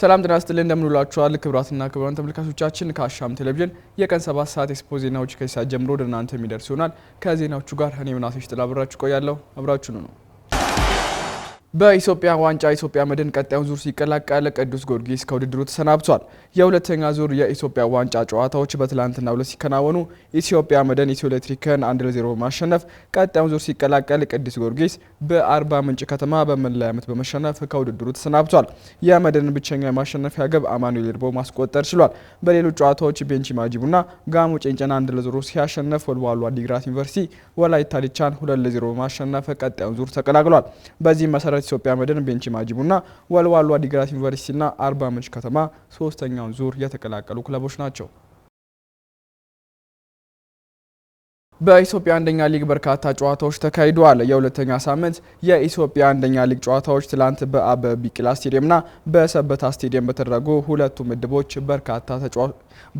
ሰላም ጤና ይስጥልኝ እንደምንውላችኋል ክብራትና ክብራን ተመልካቾቻችን ከአሻም ቴሌቪዥን የቀን ሰባት ሰዓት የስፖርት ዜናዎች ከሳት ጀምሮ ወደ እናንተ የሚደርስ ይሆናል። ከዜናዎቹ ጋር እኔ ምናሴሽ ጥላ አብራችሁ ቆያለሁ። አብራችሁኑ ነው በኢትዮጵያ ዋንጫ ኢትዮጵያ መድን ቀጣዩን ዙር ሲቀላቀል ቅዱስ ጊዮርጊስ ከውድድሩ ተሰናብቷል። የሁለተኛ ዙር የኢትዮጵያ ዋንጫ ጨዋታዎች በትላንትናው ዕለት ሲከናወኑ ኢትዮጵያ መድን ኢትዮ ኤሌክትሪክን አንድ ለዜሮ በማሸነፍ ቀጣዩን ዙር ሲቀላቀል ቅዱስ ጊዮርጊስ በአርባ ምንጭ ከተማ በመለያ ምት በመሸነፍ ከውድድሩ ተሰናብቷል። የመድን ብቸኛ የማሸነፊያ ግብ አማኑኤል ኤርቦ ማስቆጠር ችሏል። በሌሎች ጨዋታዎች ቤንች ማጂቡና ጋሞ ጭንጨን አንድ ለዜሮ ሲያሸነፍ ወልዋሉ አዲግራት ዩኒቨርሲቲ ወላይታ ዲቻን ሁለት ለዜሮ በማሸነፍ ቀጣዩን ዙር ተቀላቅሏል። በዚህ መሰረት ኢትዮጵያ መድን ቤንች ማጅቡና ወልዋሎ አዲግራት ና አርባ ምንጭ ከተማ ሶስተኛውን ዙር የተቀላቀሉ ክለቦች ናቸው። በኢትዮጵያ አንደኛ ሊግ በርካታ ጨዋታዎች ተካሂደዋል። የሁለተኛ ሳምንት የኢትዮጵያ አንደኛ ሊግ ጨዋታዎች ትላንት በአበበ ቢቂላ ስቴዲየምና በሰበታ ስቴዲየም በተደረጉ ሁለቱ ምድቦች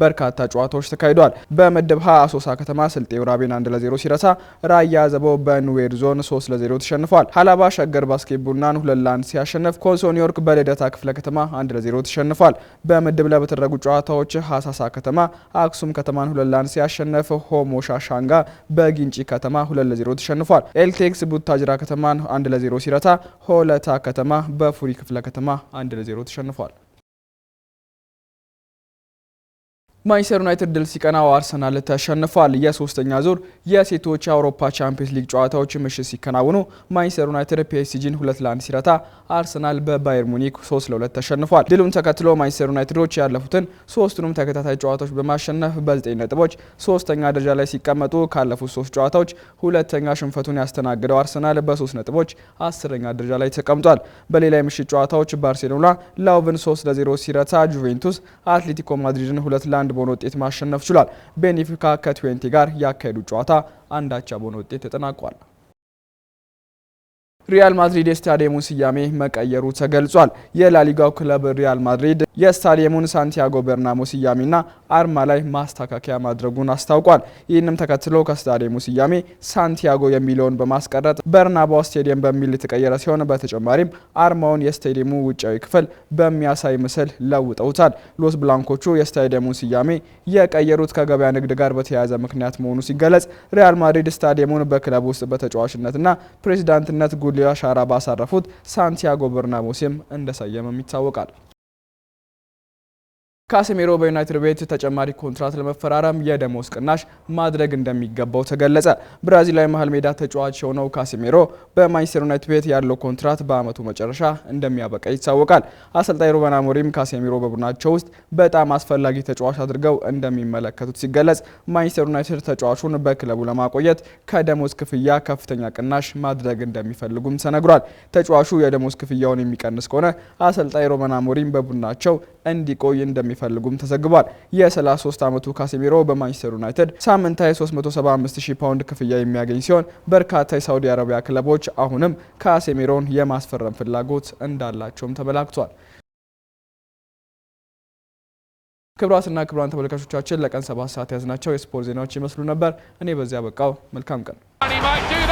በርካታ ጨዋታዎች ተካሂደዋል። በምድብ ሀ አሶሳ ከተማ ስልጤ ውራቤን አንድ ለዜሮ ሲረሳ፣ ራያ ዘቦ በኑዌር ዞን 3 ለዜሮ 0 ተሸንፏል። ሀላባ ሸገር ባስኬት ቡናን ሁለት ለአንድ ሲያሸንፍ፣ ኮንሶ ኒውዮርክ በልደታ ክፍለ ከተማ 1 ለዜሮ ተሸንፏል። በምድብ ለ በተደረጉ ጨዋታዎች ሀሳሳ ከተማ አክሱም ከተማን ሁለት ለአንድ ሲያሸነፍ፣ ሲያሸንፍ፣ ሆሞ ሻሻንጋ በጊንጪ ከተማ 2 ለ0 ተሸንፏል። ኤልቴክስ ቡታጅራ ከተማን 1 ለ0 ሲረታ ሆለታ ከተማ በፉሪ ክፍለ ከተማ 1 ለ0 ተሸንፏል። ማንቸስተር ዩናይትድ ድል ሲቀናው አርሰናል ተሸንፏል። የሶስተኛ ዙር የሴቶች የአውሮፓ ቻምፒየንስ ሊግ ጨዋታዎች ምሽት ሲከናወኑ ማንቸስተር ዩናይትድ ፒኤስጂን ሁለት ለአንድ ሲረታ፣ አርሰናል በባየር ሙኒክ ሶስት ለሁለት ተሸንፏል። ድሉን ተከትሎ ማንቸስተር ዩናይትዶች ያለፉትን ሶስቱንም ተከታታይ ጨዋታዎች በማሸነፍ በዘጠኝ ነጥቦች ሶስተኛ ደረጃ ላይ ሲቀመጡ ካለፉት ሶስት ጨዋታዎች ሁለተኛ ሽንፈቱን ያስተናግደው አርሰናል በሶስት ነጥቦች አስረኛ ደረጃ ላይ ተቀምጧል። በሌላ የምሽት ጨዋታዎች ባርሴሎና ላውቭን ሶስት ለዜሮ ሲረታ፣ ጁቬንቱስ አትሌቲኮ ማድሪድን ሁለት ለአንድ በሆነ ውጤት ማሸነፍ ችሏል። ቤኒፊካ ከትዌንቲ ጋር ያካሄዱ ጨዋታ አንዳቻ በሆነ ውጤት ተጠናቋል። ሪያል ማድሪድ የስታዲየሙን ስያሜ መቀየሩ ተገልጿል። የላሊጋው ክለብ ሪያል ማድሪድ የስታዲየሙን ሳንቲያጎ በርናሞ ስያሜና አርማ ላይ ማስተካከያ ማድረጉን አስታውቋል። ይህንም ተከትሎ ከስታዲየሙ ስያሜ ሳንቲያጎ የሚለውን በማስቀረጥ በርናባው ስቴዲየም በሚል የተቀየረ ሲሆን በተጨማሪም አርማውን የስታዲየሙ ውጫዊ ክፍል በሚያሳይ ምስል ለውጠውታል። ሎስ ብላንኮቹ የስታዲየሙን ስያሜ የቀየሩት ከገበያ ንግድ ጋር በተያያዘ ምክንያት መሆኑ ሲገለጽ ሪያል ማድሪድ ስታዲየሙን በክለብ ውስጥ በተጫዋችነትና ፕሬዚዳንትነት ጉ ሊዮ አሻራ ባሳረፉት ሳንቲያጎ በርናቦ ሲም እንደሰየመም ይታወቃል። ካሴሜሮ በዩናይትድ ቤት ተጨማሪ ኮንትራት ለመፈራረም የደሞዝ ቅናሽ ማድረግ እንደሚገባው ተገለጸ። ብራዚላዊ መሀል ሜዳ ተጫዋች የሆነው ካሴሜሮ በማንቸስተር ዩናይትድ ቤት ያለው ኮንትራት በአመቱ መጨረሻ እንደሚያበቃ ይታወቃል። አሰልጣኝ ሩበን አሞሪም ካሴሜሮ በቡድናቸው ውስጥ በጣም አስፈላጊ ተጫዋች አድርገው እንደሚመለከቱት ሲገለጽ፣ ማንቸስተር ዩናይትድ ተጫዋቹን በክለቡ ለማቆየት ከደሞዝ ክፍያ ከፍተኛ ቅናሽ ማድረግ እንደሚፈልጉም ተነግሯል። ተጫዋቹ የደሞዝ ክፍያውን የሚቀንስ ከሆነ አሰልጣኝ ሩበን አሞሪም በቡድናቸው እንዲቆይ እንደሚ እንደሚፈልጉም ተዘግቧል። የ33 ዓመቱ ካሴሚሮ በማንቸስተር ዩናይትድ ሳምንታዊ 375000 ፓውንድ ክፍያ የሚያገኝ ሲሆን በርካታ የሳውዲ አረቢያ ክለቦች አሁንም ካሴሚሮን የማስፈረም ፍላጎት እንዳላቸውም ተመላክቷል። ክብራትና ክብራን ተመልካቾቻችን ለቀን ሰባት ሰዓት ያዝናቸው የስፖርት ዜናዎች ይመስሉ ነበር። እኔ በዚያ በቃው። መልካም ቀን